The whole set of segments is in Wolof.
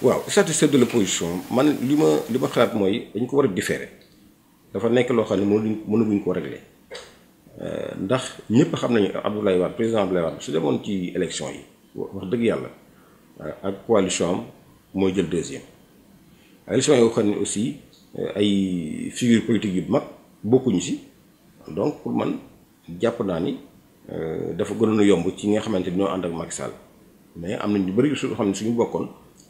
waaw sedd de position man li ma li ma xalaat mooy dañ ko war a différer dafa nekk loo xam ne mënu mënaguñ ko régler euh, ndax ñëpp xam nañu Abdoulaye waat président Abdoulaye Wade su demoon ci élection yi wax dëgg yàlla euh, ak coalition am mooy jël deuxième élection yoo xam ne aussi euh, ay figure politique yu mag bokkuñu si donc pour man jàpp naa ni dafa gënoon a yomb ci nga xamante ni ñoo ànd ak Macky Sall mais am na ñu bëri su xam ne suñu bokkoon.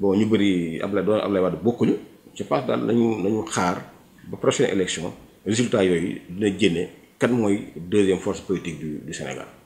bon ñu bëri Ablaye doon Ablaye Wade bokkuñu je pense daal nañu nañu xaar ba prochaine élection résultat yooyu dina génne kan mooy deuxième force politique du du Sénégal.